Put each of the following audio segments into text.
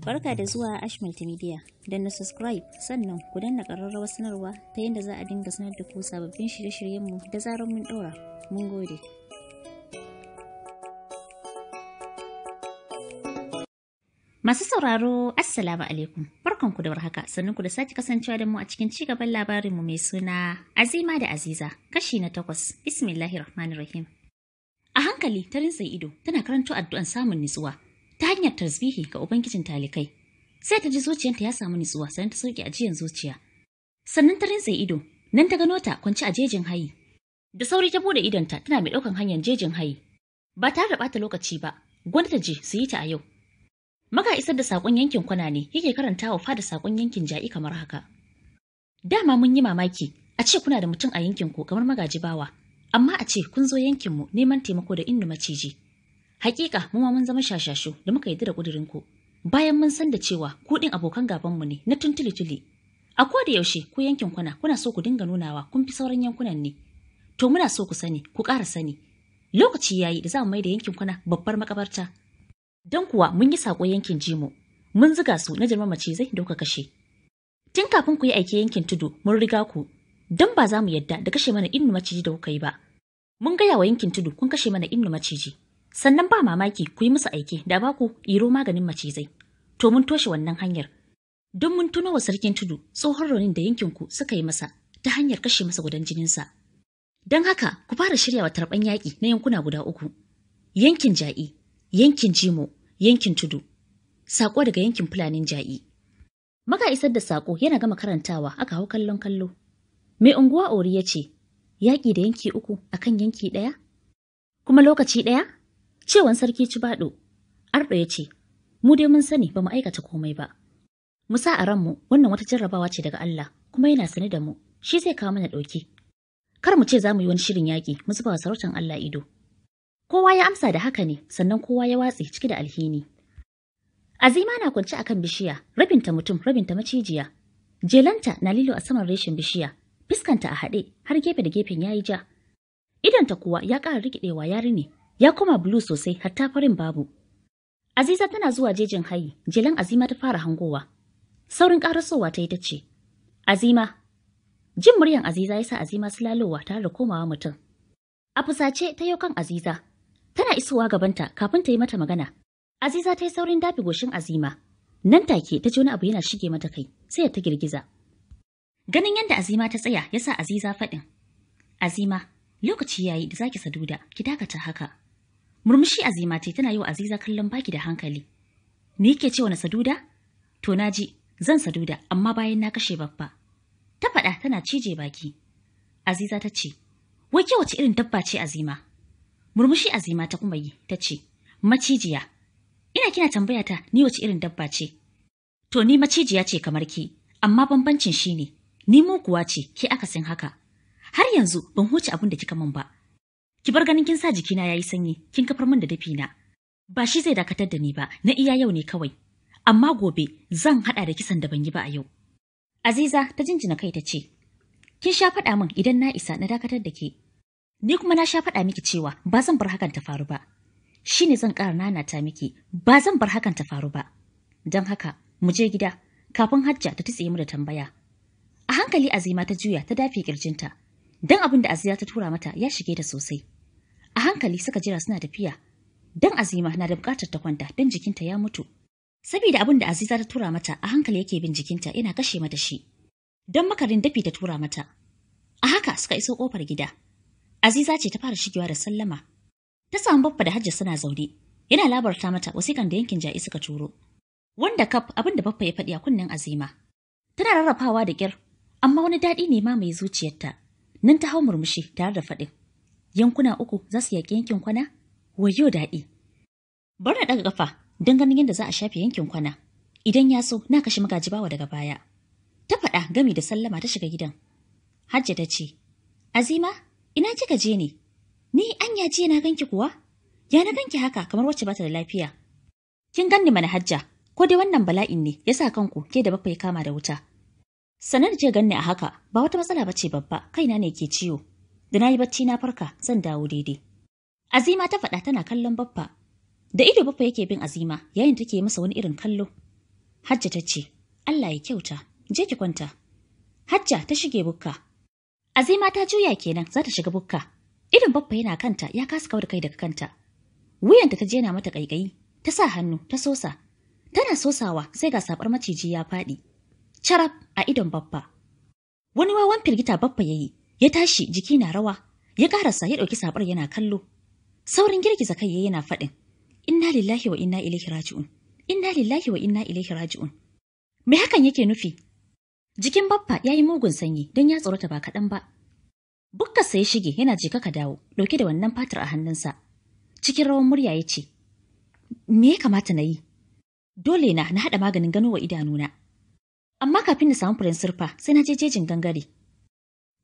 Barka da zuwa Ash Multimedia. Don na subscribe sannan ku danna ƙararrawar sanarwa ta yadda za a dinga sanar da ku sababbin shirye-shiryenmu da zarar mun ɗora. Mun gode. Masu sauraro, Assalamu alaikum. barkan ku da haka, sannan ku da sake kasancewa da mu a cikin ci gaban labarinmu mai suna Azima da Aziza, kashi na takwas, Bismillahirrahmanirrahim. A hankali ta rinsa ido, tana karanto addu'an samun nutsuwa. ta hanyar tasbihi ga Ubangijin talikai. Sai ta ji zuciyarta ya samu nutsuwa sannan ta sauke ajiyar zuciya. Sannan ta rintse ido, nan ta gano ta kwance a jejin hayi. Da sauri ta bude idonta tana mai ɗaukan hanyar jejin hayi. Ba tare da ɓata lokaci ba, gwanda ta je su yi ta a yau. Maka isar da saƙon yankin kwana ne yake karanta wa fada saƙon yankin ja'i kamar haka. Dama mun yi mamaki, a ce kuna da mutum a yankin yankinku kamar magaji bawa, amma a ce kun zo yankinmu neman taimako da inda maciji. Hakika mu ma mun zama shashashu da muka yi da kudirin ku. Bayan mun san da cewa ku abokan gaban mu ne na tuntuli-tuli. A ko da yaushe ku yankin kuna kuna so ku dinga nunawa kun fi sauran yankunan ne. To muna so ku sani ku ƙara sani. Lokaci yayi da za mu mai da yankin kuna babbar makabarta. Don kuwa mun yi sako yankin Jimo. Mun ziga su na jirma macizai da kuka kashe. Tun kafin ku yi aiki yankin tudu mun riga ku. Don ba za mu yadda da kashe mana inu maciji da kuka yi ba. Mun gaya wa yankin tudu kun kashe mana inu maciji. Sannan ba mamaki ku yi musu aiki da ba ku iro maganin macizai. To mun toshe wannan hanyar. Don mun tuno wa sarkin tudu tsohon raunin da yankinku suka yi masa ta hanyar kashe masa gudan jininsa. Don haka ku fara shirya wa tarban yaƙi na yankuna guda uku. Yankin ja'i, yankin jimo, yankin tudu. Saƙo daga yankin fulanin ja'i. Maka isar da saƙo yana gama karantawa aka hau kallon kallo. Mai unguwa ori ya ce, yaƙi da yanki uku akan yanki ɗaya? Kuma lokaci ɗaya? Cewan sarki ci baɗo Arɗo ya ce, mu dai mun sani ba mu aikata komai ba. Mu sa a ranmu wannan wata jarrabawa ce daga Allah kuma yana sani da mu, shi zai kawo mana ɗauki. Kar mu ce za mu yi wani shirin yaƙi mu zuba wa sarautar Allah ido. Kowa ya amsa da haka ne sannan kowa ya watse ciki da alhini. Azima na kwance akan bishiya, rabinta mutum, rabinta macijiya. Jelanta na lilo a saman reshen bishiya, fiskanta a haɗe har gefe da gefen ya yi ja. Idonta kuwa ya ƙara rikidewa yari ne ya koma bulu sosai hatta farin babu. Aziza tana zuwa jejin hayi, jilan Azima ta fara hangowa. Saurin karasowa ta yi ta ce, Azima, jin muryan Aziza ya sa Azima su lalowa tare da komawa mutum. A fusace ta yau kan Aziza, tana isowa gabanta kafin ta yi mata magana. Aziza ta yi saurin dafi goshin Azima, nan take ta ji abu yana shige mata kai, sai ta girgiza. Ganin yadda Azima ta tsaya ya sa Aziza faɗin. Azima, lokaci yayi da zaki saduda, ki dakata haka. Murmushi azima ce tana yi wa Aziza kallon baki da hankali. Ni ke cewa na saduda? To na ji, zan saduda, amma bayan na kashe babba. Ta faɗa tana cije baki. Aziza ta ce, Wai ke wace irin dabba ce azima? Murmushi azima ta kuma yi, ta ce, Macijiya. Ina kina tambaya ta ni wace irin dabba ce? To ni macijiya ce kamar ki, amma bambancin shi ne, ni muguwa ce, ke akasin haka. Har yanzu ban huce abin da kika min ba, Ki bar ganin kin sa jikina yi sanyi, kin kafar min da dafi na. Ba shi zai dakatar da ni ba, na iya yau ne kawai. Amma gobe zan haɗa da kisan da ban yi ba a yau. Aziza ta jinjina kai ta ce, Kin sha faɗa min idan na isa na dakatar da ke. Ni kuma na sha faɗa miki cewa ba zan bar hakan ta faru ba. Shi ne zan ƙara nanata miki, ba zan bar hakan ta faru ba. Don haka, mu je gida, kafin hajja ta tutse mu da tambaya. A hankali azima ta juya ta dafe kirjinta, Don abin da Aziya ta tura mata ya shige da sosai. A hankali suka jira suna tafiya. Don Azima na da bukatar ta kwanta don jikinta ya mutu. Saboda abin da Aziza ta tura mata a hankali yake bin jikinta yana kashe mata shi. Don makarin dafi ta tura mata. A haka suka iso kofar gida. Aziza ce ta fara shigewa da sallama. Ta samu babba da hajja suna zaune. Yana labarta mata wasikan da yankin ja'i suka turo. Wanda kaf abin da babba ya faɗi a kunnen Azima. Tana rarrafawa da kyar. amma wani daɗi ne ma mai zuciyarta. Nan ta hau murmushi tare da faɗin. Yankuna uku za su yaƙi yankin kwana? Wayo daɗi. Bar na ɗaga ƙafa don ganin yadda za a shafe yankin kwana. Idan ya so na kashe magaji bawa daga baya. Ta faɗa gami da sallama ta shiga gidan. Hajja ta ce, Azima, ina kika je ne? Ni an yaji na ganki kuwa? Ya na ganki haka kamar wacce bata da lafiya. Kin ganni mana Hajja, ko dai wannan bala'in ne ya sa kanku ke da bakwai kama da wuta. Sanar jiya ganni a haka ba wata matsala ba ce babba kaina ne ke ciwo. Da na yi bacci na farka zan dawo daidai. Azima ta faɗa tana kallon baffa. Da ido baffa yake bin Azima yayin take masa wani irin kallo. Hajja ta ce, Allah ya kyauta, je ki kwanta. Hajja ta shige bukka. Azima ta juya kenan za ta shiga bukka. Idan baffa yana kanta ya kasa kawar kai daga kanta. Wuyanta ta je na mata ƙaiƙayi, ta sa hannu ta sosa. Tana sosawa sai ga sabar maciji ya faɗi. carab a idon Baffa. Wani wawan firgita Baffa ya yi, ya tashi jiki na rawa, ya karasa ya ɗauki sabar yana kallo. Saurin girgiza kai yana faɗin, Inna lillahi wa inna ilaihi raji'un. Inna lillahi wa inna ilaihi raji'un. Me hakan yake nufi? Jikin Baffa ya yi mugun sanyi don ya tsorata ba kaɗan ba. Bukkarsa ya shige yana jika ka dawo, ɗauke da wannan fatar a hannunsa. Cikin rawan murya ya ce, Me ya kamata na yi? Dole na na haɗa maganin gano wa idanuna. Amma kafin na samu furen surfa sai na je jejin gangare.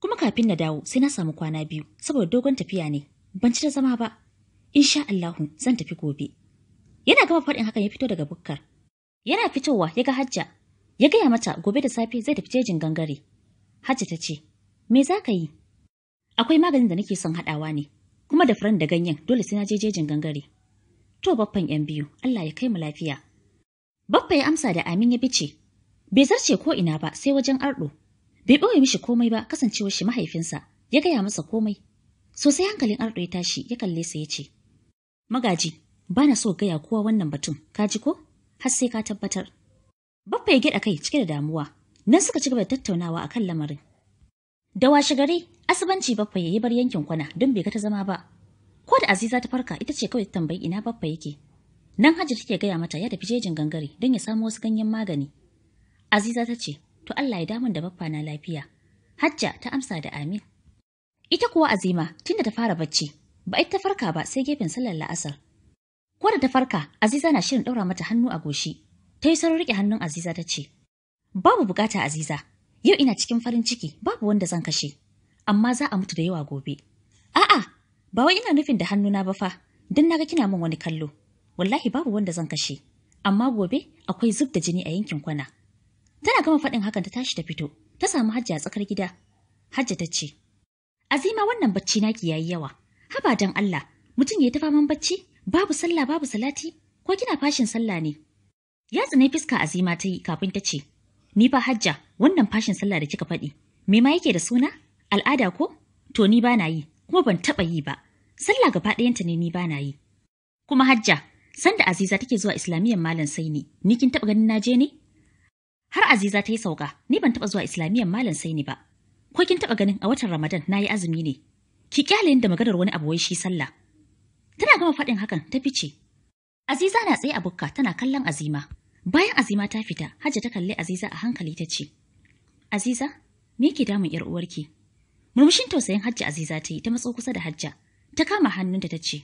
Kuma kafin na dawo sai na samu kwana biyu saboda dogon tafiya ne. Ban ci da zama ba. Insha Allahu zan tafi gobe. Yana gama faɗin hakan ya fito daga bukkar. Yana fitowa ya ga Hajja. Ya gaya mata gobe da safe zai tafi jejin gangare. Hajja ta ce, "Me za ka yi?" Akwai maganin da nake son haɗawa ne, kuma da furen da ganyen dole sai na je jejin gangare. To baffan 'yan biyu, Allah ya kai mu lafiya. Baffa ya amsa da amin ya bice, Bai zarce ko ina ba sai wajen arɗo. Bai ɓoye mishi komai ba kasancewar shi mahaifinsa ya gaya masa komai. Sosai hankalin ardo ya tashi ya kalle sa ya ce, Magaji, Bana na so gaya kowa wannan batun, ka ji ko? Har sai ka tabbatar. Baffa ya gyaɗa kai cike da damuwa, nan suka ci gaba da tattaunawa akan lamarin. Da washe gari, asibanci Baffa ya yi bar yankin kwana don bai ga ta zama ba. Ko da Aziza ta farka ita ce kawai ta tambayi ina Baffa yake. Nan Hajji take gaya mata ya tafi jejin gangare don ya samo wasu ganyen magani. Aziza ta ce, To Allah ya damun da baffa na lafiya. Hajja ta amsa da amin. Ita kuwa Azima tunda ta fara bacci, ba ita ta farka ba sai gefen sallar la'asar. Ko da ta farka, Aziza na shirin ɗaura mata hannu a goshi. Ta yi sauri riƙe hannun Aziza ta ce, Babu bukata Aziza, yau ina cikin farin ciki, babu wanda zan kashe, amma za a mutu da yawa gobe. A'a, ba wai ina nufin da hannuna ba fa, don naga kina min wani kallo. Wallahi babu wanda zan kashe, amma gobe akwai zub da jini a yankin kwana. Tana gama faɗin hakan ta tashi ta fito, ta samu hajja a tsakar gida. Hajja ta ce, Azima wannan bacci naki yayi yawa. Haba dan Allah, mutum ya ta faman bacci, babu sallah babu salati, ko kina fashin sallah ne? Ya tsinai fiska Azima ta yi kafin ta ce, Ni fa hajja, wannan fashin sallah da kika faɗi, me ma yake da suna? Al'ada ko? To ni ba na yi, kuma ban taɓa yi ba. Sallah gaba ɗayanta ne ni ba na yi. Kuma hajja, sanda Aziza take zuwa Islamiyyar Malam Saini, ni kin taɓa ganin na je ne? Har Aziza ta yi sauka, ni ban taɓa zuwa Islamiyyar Malam Saini ba. Ko kin taɓa ganin a watan Ramadan na yi azumi ne. Ki kyale da maganar wani abu wai shi sallah. Tana gama faɗin hakan ta fice. Aziza na tsaye a bukka tana kallon Azima. Bayan Azima ta fita, Hajja ta kalli Aziza a hankali ta ce, Aziza, me ke damun ‘yar uwarki? Murmushin tausayin Hajja Aziza ta yi ta matso kusa da Hajja, ta kama hannun da ta ce,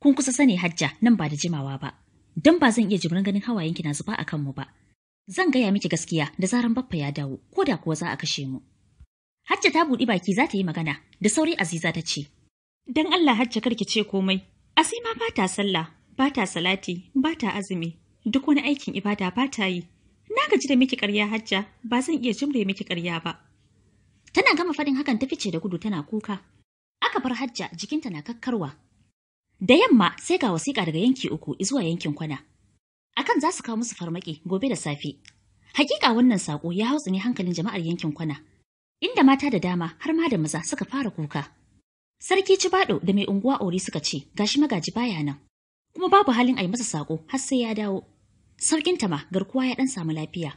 Kun kusa sani Hajja nan ba da jimawa ba, don ba zan iya jimrin ganin hawayenki na zuba a kanmu ba, Zan gaya miki gaskiya da zaran baffa ya dawo, ko da kuwa za a kashe mu. Hajja ta buɗi baki za ta yi magana, da sauri Aziza ta ce. Dan Allah Hajja karki ce komai. Asima ba ta sallah, ba ta salati, ba ta azumi, duk wani aikin ibada ba ta yi. Na gaji da miki karya Hajja, ba zan iya jimre miki karya ba. Tana gama faɗin hakan ta fice da gudu tana kuka. Aka bar Hajja jikinta na kakkarwa. Da yamma sai ga wasiƙa daga yanki uku zuwa yankin kwana. akan za su kawo musu farmaki gobe da safe. Hakika wannan sako ya hau ne hankalin jama'ar yankin kwana, inda mata da dama har ma da maza suka fara kuka. Sarki Cibado da mai unguwa Ori suka ce, gashi magaji baya nan, kuma babu halin a yi masa sako har sai ya dawo. Sarkin ma garkuwa ya ɗan samu lafiya.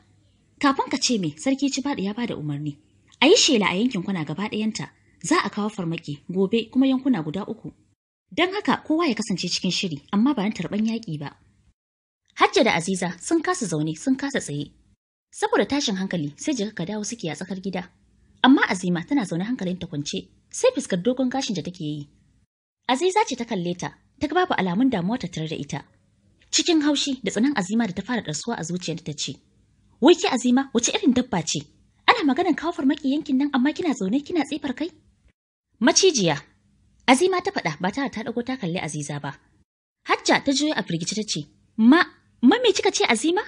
Kafin ka ce me, Sarki Cibado ya bada umarni. A yi shela a yankin kwana gaba ɗayanta, za a kawo farmaki gobe kuma yankuna guda uku. Don haka kowa ya kasance cikin shiri, amma ba na tarban yaƙi ba. Hajja da Aziza sun kasa zaune sun kasa tsaye. Saboda tashin hankali sai jika ka dawo suke a tsakar gida. Amma Azima tana zaune hankalin ta kwance sai fuskar dogon gashin da take yi. Aziza ce ta kalle ta, ta ga babu alamun damuwa ta tare da ita. Cikin haushi da tsanan Azima da ta fara darsuwa a zuciyarta ta ce, "Wai ke Azima, wace irin dabba ce? Ana maganar kawo farmaki yankin nan amma kina zaune kina tsifar kai?" Macijiya. Azima ta faɗa ba tare ta dago ta kalli Aziza ba. Hajja ta juyo a firgice ta ce, "Ma, Mami kika ce Azima?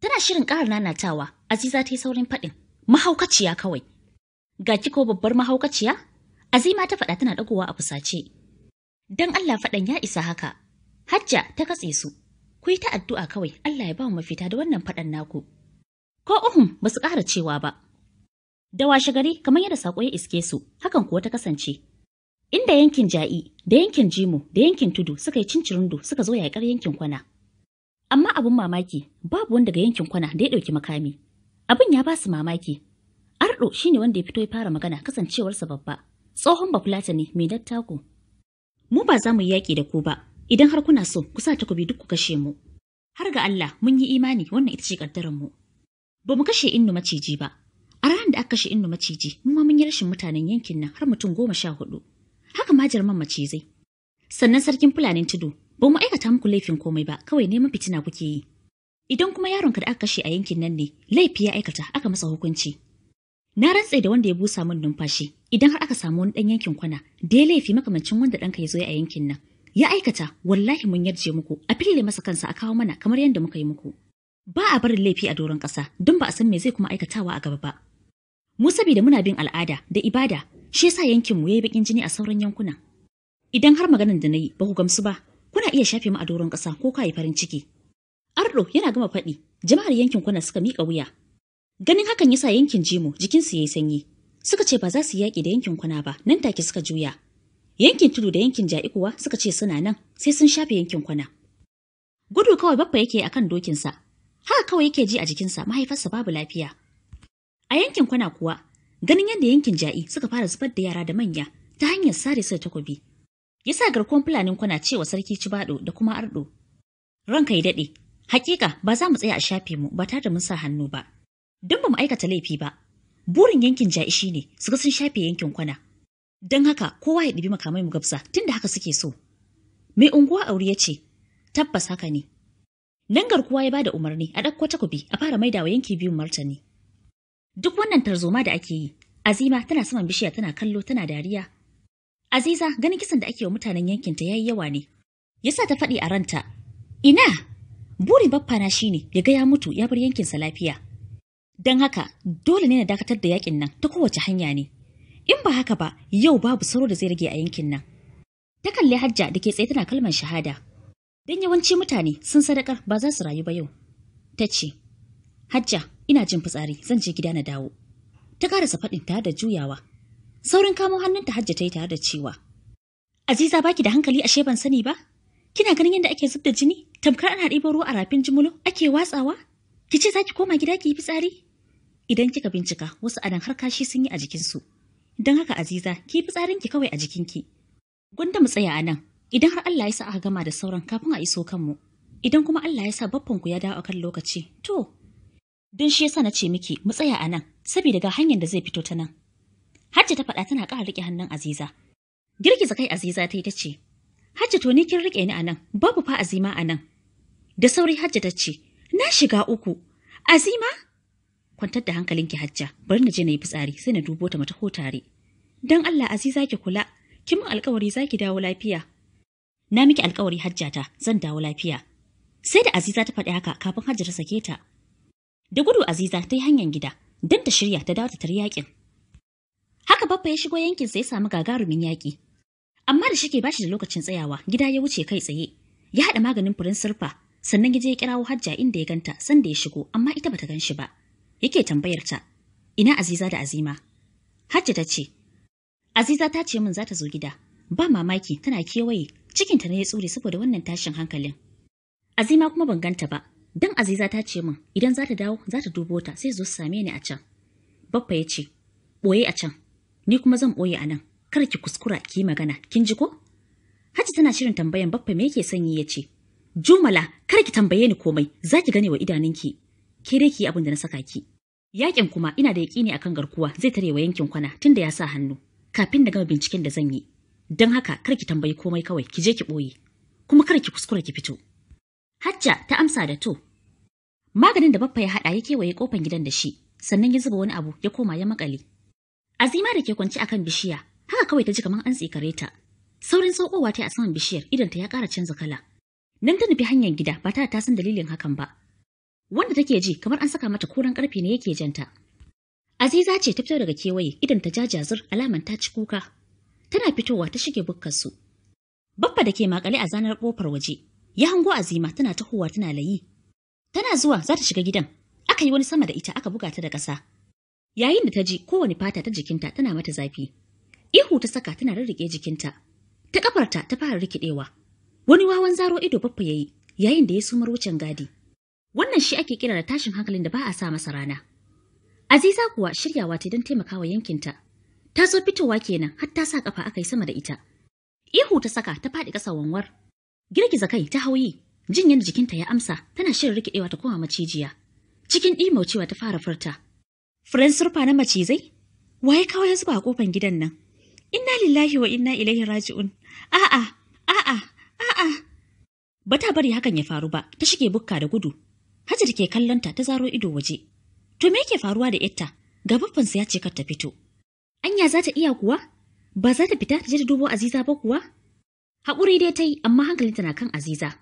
Tana shirin ƙara nanatawa, Aziza ta yi saurin faɗin, mahaukaciya kawai. Ga kiko babbar mahaukaciya? Azima ta faɗa tana ɗagowa a fusace. Don Allah faɗan ya isa haka. Hajja ta katse su. Ku yi ta addu'a kawai, Allah ya ba mu mafita da wannan faɗan naku. Ko uhun ba su ƙara cewa ba. Da washe gari kamar yadda saƙo ya iske su, hakan kuwa ta kasance. Inda yankin ja'i, da yankin jimu, da yankin tudu suka yi cincirindo suka zo yaƙar yankin kwana. Amma abin mamaki babu wanda ga yankin kwana da ya ɗauki makami. Abin ya basu su mamaki. shi shine wanda ya fito ya fara magana kasancewarsa babba. Tsohon bafulata ne mai dattako. Mu ba za mu yi yaƙi da ku ba, idan har kuna so ku sa takobi duk ku kashe mu. Har ga Allah mun yi imani wannan ita ce kaddaran mu. Ba mu kashe innu maciji ba. A ranar da aka kashe innu maciji, mu ma mun yi rashin mutanen yankin nan har mutum goma sha hudu. Haka ma jarman macizai. Sannan sarkin Fulanin Tudu Ba mu aikata muku laifin komai ba, kawai neman fitina kuke yi. Idan kuma yaronka da aka kashe a yankin nan ne, laifi ya aikata aka masa hukunci. Na rantse da wanda ya busa min numfashi, idan har aka samu wani dan yankin kwana, da ya laifi makamancin wanda ka ya zo a yankin nan. Ya aikata, wallahi mun yarje muku, a fille masa kansa a kawo mana kamar yadda muka yi muku. Ba a barin laifi a doron ƙasa, don ba a san me zai kuma aikatawa a gaba ba. Mu saboda muna bin al'ada da ibada, shi yasa yankinmu ya yi bakin jini a sauran yankuna. Idan har maganan da na yi ba ku gamsu ba, kuna iya shafe mu a doron ƙasa ko yi farin ciki. Ardo yana gama faɗi, jama'ar yankin kwana suka miƙa wuya. Ganin hakan yasa yankin Jimo jikinsu yayi sanyi. Suka ce ba za su yaƙi da yankin kwana ba, nan take suka juya. Yankin tudu da yankin ja'i kuwa suka ce suna nan, sai sun shafe yankin kwana. Gudu kawai baffa yake akan dokinsa, haka kawai yake ji a jikinsa mahaifarsa babu lafiya. A yankin kwana kuwa, ganin yadda yankin ja'i suka fara zubar da yara da manya ta hanyar sare su da takobi, Yasa garkuwan fulanin kwana cewa sarki ci baɗo da kuma Ardo. Ranka ya daɗe, hakika ba za mu tsaya a shafe mu ba tare da mun sa hannu ba. Don ba mu aikata laifi ba. Burin yankin ja'ishi ne, su sun shafe yankin kwana. Don haka kowa ya ɗibi makamai mu gabsa da haka suke so. Mai unguwa aure ya ce, tabbas haka ne. Nan garkuwa ya bada umarni a ɗauko takobi a fara maida wa yanki biyun martani. Duk wannan tarzoma da ake yi, Azima tana saman bishiya tana kallo tana dariya Aziza ganin kisan da ake wa mutanen yankinta ya yi yawa ne. Yasa ta faɗi a ranta, ina burin bappa na shine ya ga ya mutu ya bar yankinsa lafiya. Don haka dole ne na dakatar da yakin nan ta kowace hanya ne. In ba haka ba yau babu sauro da zai rage a yankin nan. Ta kalli hajja da ke tsaye tana kalmar shahada. Don yawanci mutane sun sadakar ba za su rayu ba yau. Ta ce, Hajja, ina jin fitsari zan je gida na dawo. Ta ƙarasa faɗin ta da juyawa Saurin kamo hannunta Hajja ta yi tare da cewa, Aziza baki da hankali ashe ban sani ba? Kina ganin yadda ake zub da jini? Tamkar ana ɗibar ruwa a rafin jimulo ake watsawa? Ki ce za ki koma gida ki yi fitsari? Idan kika bincika wasu adan har kashi sun yi a jikinsu. Don haka Aziza ki yi ki kawai a jikinki. Gwanda mu tsaya anan, idan har Allah ya sa aka gama da sauran kafin a iso kanmu. Idan kuma Allah ya sa baffanku ya dawo a kan lokaci, to, don shi yasa na ce miki mu tsaya a nan, saboda ga hanyar da zai fito ta nan. Hajji ta faɗa tana ƙara riƙe hannun Aziza. Girgiza kai Aziza ta yi ta ce, Hajji to ni kin riƙe ni a nan, babu fa Azima a nan. Da sauri Hajji ta ce, Na shiga uku, Azima? Kwantar da hankalin hankalinki Hajja, bari na je na yi fitsari sai na dubo ta mata ko tare. Don Allah Aziza ki kula, kin min alƙawari za ki dawo lafiya. Na miki alƙawari ta zan dawo lafiya. Sai da Aziza ta faɗi haka kafin Hajja ta sake ta. Da gudu Aziza ta yi hanyar gida, don ta shirya ta dawo ta yaƙin. Haka Baffa ya shigo yankin yankinsa ya samu gagarumin yaki. Amma da shike bashi da lokacin tsayawa, gida ya wuce kai tsaye. Ya haɗa maganin furin sirfa, sannan ya je ya kirawo Hajja inda ya ganta sanda ya shigo, amma ita bata gan shi ba. Yake tambayar ta, "Ina Aziza da Azima?" Hajja ta ce, "Aziza ta ce min za ta zo gida. Ba mamaki tana kewaye, cikinta ne ya tsure saboda wannan tashin hankalin." Azima kuma ban ganta ba, dan Aziza ta ce min idan za ta dawo za ta dubo ta sai zo su same ni a can. Baffa ya ce, "Boye a can." ni kuma zan ɓoye anan, kar ki kuskura ki magana kin ji ko Haji tana shirin tambayan baffa me yake sanyi ya ce Jumala kar ki tambaye ni komai za ki gane wa idanunki ke dai ki abin da na saka ki Yakin kuma ina da ne akan garkuwa zai tare wa yankin kwana tunda ya sa hannu kafin da gama binciken da zan yi don haka kar ki tambayi komai kawai ki je ki ɓoye kuma kar ki kuskura ki fito Hajja ta amsa da to maganin da baffa ya haɗa ya kewaye kofan gidan da shi sannan ya zuba wani abu ya koma ya makale Azima da ke kwance akan bishiya, haka kawai ta ji kamar an tsikare ta. Saurin saukowa ta a saman bishiyar idan ta ya kara canza kala. Nan ta nufi hanyar gida ba ta ta san dalilin hakan ba. Wanda take ji kamar an saka mata kuran karfe ne yake janta. Aziza ce ta fito daga kewaye idan ta zur alaman ta ci kuka. Tana fitowa ta shige bukkar su. Baffa da ke makale a zanar kofar waje, ya hango Azima tana tahowa tana layi. Tana zuwa za ta shiga gidan, aka yi wani sama da ita aka buga ta da ƙasa. yayin da ta ji koWani fata ta jikinta tana mata zafi. Ihu ta saka tana rarrike jikinta. Ta ƙafarta ta fara rikidewa. Wani wawan zaro ido baffa yayi yayin da ya sumar wucin gadi. Wannan shi ake kira da tashin hankalin da ba a sa masa rana. Aziza kuwa shiryawa ta don taimakawa yankinta. Ta zo fitowa kenan har ta sa kafa aka yi sama da ita. Ihu ta saka ta faɗi ƙasa wanwar. Girgiza kai ta hauyi jin yadda jikinta ya amsa tana shirin rikidewa ta koma macijiya. Cikin ɗimaucewa ta fara furta. furen surfa na macizai waye kawai ya zuba a kofan gidan nan inna lillahi wa inna ilaihi raji'un a'a a'a a'a bata bari hakan ya faru ba ta shige bukka da gudu Hajar ke kallon ta ta zaro ido waje to me yake faruwa da ita gabafansa ya ce kar ta fito anya za ta iya kuwa ba za ta fita ta je ta dubo aziza ba kuwa haƙuri dai ta yi amma hankalinta na kan aziza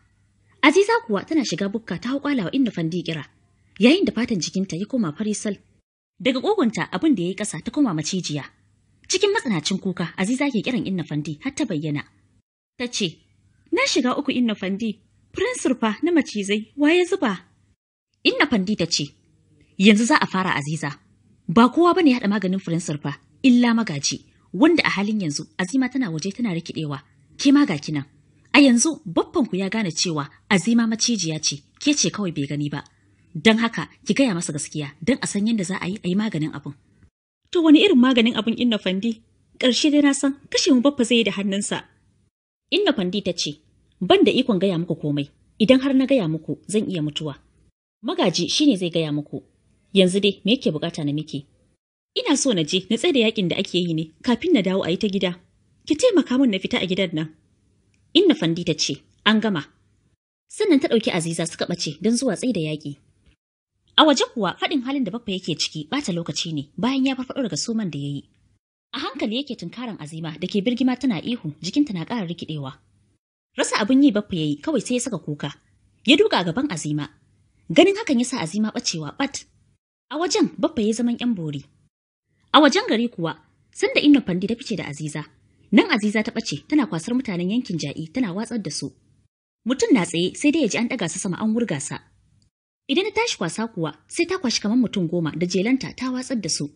aziza kuwa tana shiga bukka ta hau kwalawa inda fandi kira yayin da fatan jikinta ya koma farisal Daga ƙugunta abin da ya yi ƙasa ta koma macijiya. Cikin matsanacin kuka, Aziza ke kiran Inna Fandi har ta bayyana. Ta ce, Na shiga uku Inna Fandi, firinsir na macizai, waye zuba? Inna Fandi ta ce, Yanzu za a fara Aziza. Ba kowa bane ya haɗa maganin firinsir illa magaji, wanda a halin yanzu Azima tana waje tana rikidewa. Ke magaki A yanzu babbanku ya gane cewa Azima macijiya ce, ke ce kawai bai gani ba. Don haka ki gaya masa gaskiya don a san yadda za a yi a yi maganin abin. To wani irin maganin abin inna fandi? Ƙarshe dai na san kashe mu baffa zai yi da hannunsa. Inna fandi ta ce, ban da ikon gaya muku komai, idan har na gaya muku zan iya mutuwa. Magaji shi ne zai gaya muku, yanzu dai me yake bukata na miki? Ina so na je na tsaye da yakin da ake yi ne kafin na dawo a yi ta gida. Ki taimaka min na fita a gidan nan. Inna fandi ta ce, an gama. Sannan ta ɗauki Aziza suka ɓace don zuwa tsaye da yaƙi. A waje kuwa faɗin halin da baffa yake ciki ɓata lokaci ne bayan ya farfaɗo daga soman da ya yi. A hankali yake tunkaran azima da ke birgima tana ihu jikinta na ƙara rikidewa. Rasa abin yi baffa ya yi kawai sai ya saka kuka. Ya duka a gaban azima. Ganin hakan ya sa azima ɓacewa bat. A wajen baffa ya zaman ƴan bori. A wajen gari kuwa sanda inna fandi ta fice da aziza. Nan aziza ta ɓace tana kwasar mutanen yankin ja'i tana watsar da su. Mutum na tsaye sai dai ya ji an ɗaga sa sama an wurga sa. Idan na tashi kwasa kuwa sai ta kwashi kamar mutum goma da jelanta ta watsar da su.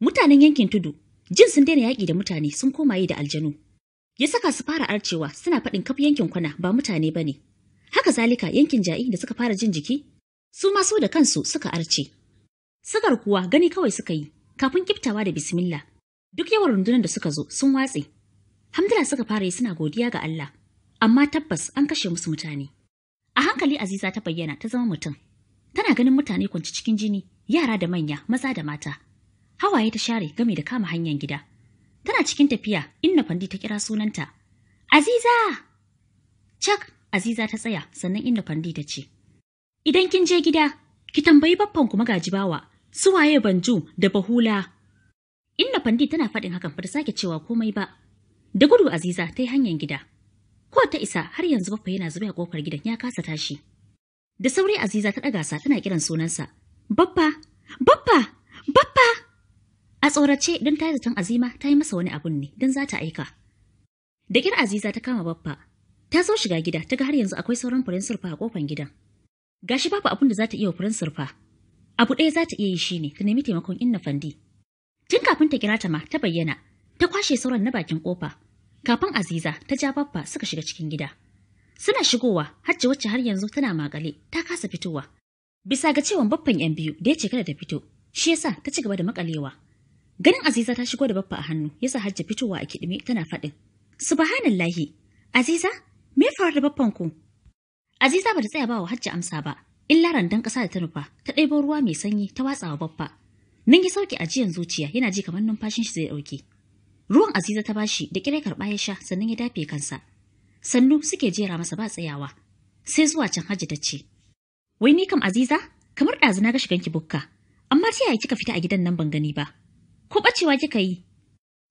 Mutanen yankin tudu jin sun daina yaƙi da mutane sun koma yi da aljanu. Ya saka su fara arcewa suna faɗin kaf yankin kwana ba mutane ba ne. Haka zalika yankin ja'i da suka fara jin jiki su ma su da kansu suka arce. Sigar kuwa gani kawai suka yi kafin kiftawa da bismillah. Duk yawan rundunar da suka zo sun watse. Hamdala suka fara yi suna godiya ga Allah. amma tabbas an kashe musu mutane. A hankali Aziza ta bayyana ta zama mutum. Tana ganin mutane kwanci cikin jini, yara da manya, maza da mata. Hawaye ta share game da kama hanyar gida. Tana cikin tafiya, inna fandi ta kira sunanta. Aziza! Cak, Aziza ta tsaya, sannan inna fandi ta ce. Idan kin je gida, ki tambayi baffan ku magaji bawa, su waye banju da bahula. Inna fandi tana faɗin hakan ba ta sake cewa komai ba. Da gudu Aziza ta yi hanyar gida. Ko ta isa har yanzu baffa yana zube a kofar gidan ya kasa tashi. Da sauri Aziza ta ɗaga sa tana kiran sunansa. Baffa, baffa, baffa. A tsorace don ta zaton Azima ta yi masa wani abun ne don za ta aika. Da kira Aziza ta kama baffa. Ta zo shiga gida ta ga har yanzu akwai sauran furen surfa a kofar gidan. Gashi babu abun da za ta iya wa furen Abu ɗaya za ta iya yi shi ne. ta nemi taimakon Inna Fandi. Tun kafin ta kira ta ma ta bayyana ta kwashe sauran na bakin kofa Kafin Aziza ta ja baffa suka shiga cikin gida. Suna shigowa hajji wacce har yanzu tana makale ta kasa fitowa. Bisa ga cewan baffan yan biyu da ya ce kada ta fito, shi yasa ta ci gaba da makalewa. Ganin Aziza ta shigo da baffa a hannu yasa hajji fitowa a kidime tana faɗin. Subhanallahi, Aziza, me faru da baffan ku? Aziza bata tsaya ba wa hajji amsa ba, illa randan ƙasa da ta nufa ta ɗebo ruwa mai sanyi ta watsawa baffa. Nan ya sauke ajiyan zuciya yana ji kamar numfashin shi zai ɗauke. Ruwan Aziza ta bashi da kirai karɓa ya sha sannan ya dafe kansa. Sannu suke jera masa ba tsayawa. Sai zuwa can Hajji ta ce, Wai ni kam Aziza, kamar ɗazu na ga shiganki bukka, amma ta yaya kika fita a gidan nan ban gani ba? Ko bacewa kika yi?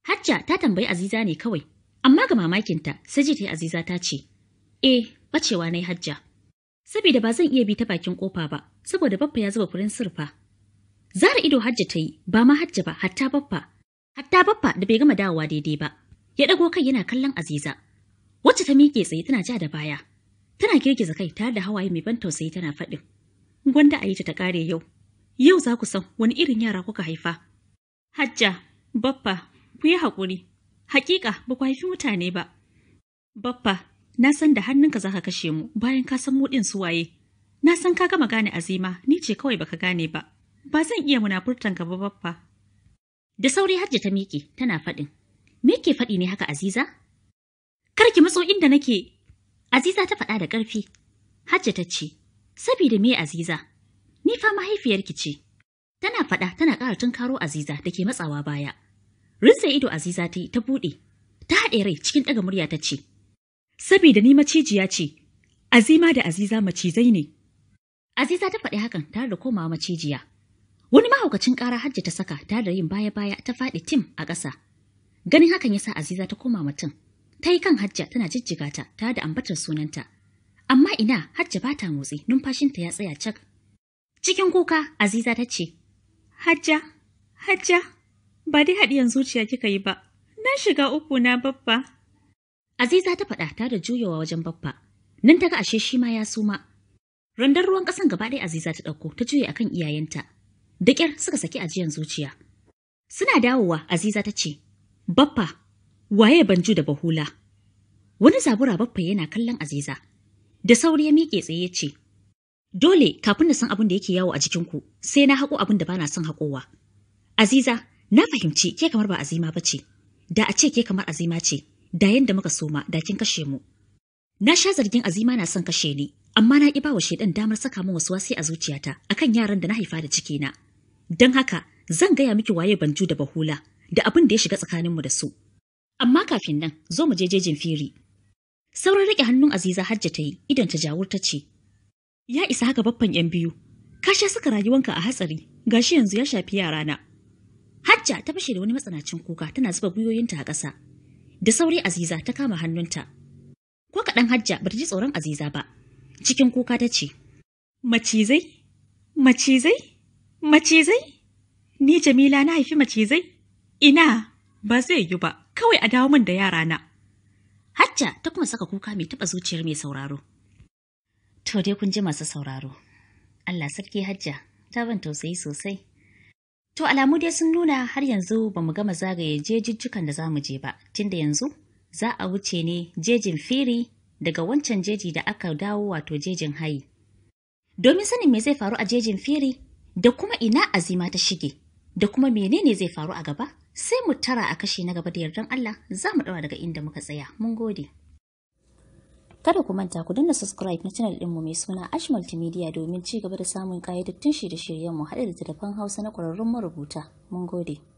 Hajja ta tambayi Aziza ne kawai, amma ga mamakinta sai ji ta Aziza ta ce, Eh, ɓacewa na yi Hajja. Saboda ba zan iya bi ta bakin kofa ba, saboda Baffa ya zuba furin sirfa. Zara ido Hajja ta yi, ba ma Hajja ba, hatta Baffa, Hatta baffa da bai gama dawowa daidai ba, ya ɗago kai yana kallon Aziza, wacce ta miƙe tsaye tana ja da baya. Tana girgiza kai tare da hawaye mai ban tausayi tana faɗin. Gwanda a yi ta ƙare yau. Yau za ku san wani irin yara kuka haifa. Hajja, baffa, ku yi haƙuri. Hakika ba ku haifi mutane ba. Baffa, na san da hannunka za ka kashe mu bayan ka san muɗin su waye. Na san ka gama gane azima, ni ce kawai baka gane ba. Ba zan iya munafurtan ka ba baffa, Da sauri Hajji ta miƙe tana faɗin. Me ke faɗi ne haka Aziza? Kar ki matso inda nake. Aziza ta faɗa da ƙarfi. Hajji ta ce, "Sabida me Aziza? Ni fa mahaifiyarki ce." Tana faɗa tana ƙara tunkaro Aziza da ke matsawa baya. Rinsa ido Aziza ta yi ta buɗe. Ta haɗe rai cikin ɗaga murya ta ce, "Sabida ni macijiya ce, Azima da Aziza macizai ne." Aziza ta faɗi hakan tare da komawa macijiya. Wani mahaukacin ƙara hajji ta saka ta da yin baya-baya ta faɗi tim a ƙasa. Ganin hakan ya sa Aziza ta koma mutum. Ta yi kan hajja tana jijjiga ta ta da ambatar sunanta. Amma ina hajja ba ta motsi numfashinta ya tsaya cak. Cikin kuka Aziza ta ce, Hajja, hajja, ba dai haɗiyan zuciya kika yi ba, na shiga uku na babba. Aziza ta faɗa ta da juyawa wajen babba, nan ta ga ashe shi ma ya suma. Randar ruwan ƙasan gaba ɗaya Aziza ta ɗauko ta juya akan iyayenta. da suka saki ajiyan zuciya. Suna dawowa Aziza ta ce, Baffa, waye banju da bahula? Wani zabura baffa yana kallon Aziza. Da sauri ya miƙe tsaye ya ce, Dole kafin na san abin da yake yawo a jikinku, sai na haƙo abin da bana son haƙowa. Aziza, na fahimci ke kamar ba azima ba ce, da a ce ke kamar azima ce, da yadda muka soma da kin kashe mu. Na sha zargin azima na son kashe ni, amma na ƙi ba wa shaidan damar saka min wasu wasi a zuciyata akan yaran da na haifa da cikina. Don haka zan gaya miki waye banju da bahula da abin da ya shiga tsakaninmu da su. Amma kafin nan zo mu je jejin firi. Sauran riƙe hannun Aziza Hajja ta yi idan ta jawur ta ce. Ya isa haka babban ƴan biyu. Ka sha saka rayuwanka a hatsari Ga shi yanzu ya shafi yarana. Hajja ta fashe da wani matsanancin kuka tana zuba gwiwoyinta a ƙasa. Da sauri Aziza ta kama hannunta. Ko kaɗan Hajja bata ji tsoron Aziza ba. Cikin kuka ta ce, Macizai? Macizai? Macizai? Ni Jamila na haifi macizai? Ina, ba zai yi ba, kawai a dawo min da yara na Hajja ta kuma saka kuka mai taɓa zuciyar mai sauraro. To dai kun ji masu sauraro. Allah sarki Hajja, ta ban tausayi sosai. To alamu dai sun nuna har yanzu ba mu gama zagaye jejijjukan da za mu je ba, tunda yanzu za a wuce ne jejin firi daga wancan jeji da aka dawo wato jejin hayi. Domin sanin me zai faru a jejin firi, da kuma ina azima ta shige da kuma menene zai faru a gaba sai mu tara a kashe na gaba da yardan Allah za mu ɗaura daga inda muka tsaya mun gode kada ku manta ku danna subscribe na channel ɗinmu mai suna Ash Multimedia domin ci gaba da samun ƙayyadattun shirye-shiryenmu haɗe da tattafan Hausa na ƙwararrun marubuta mun gode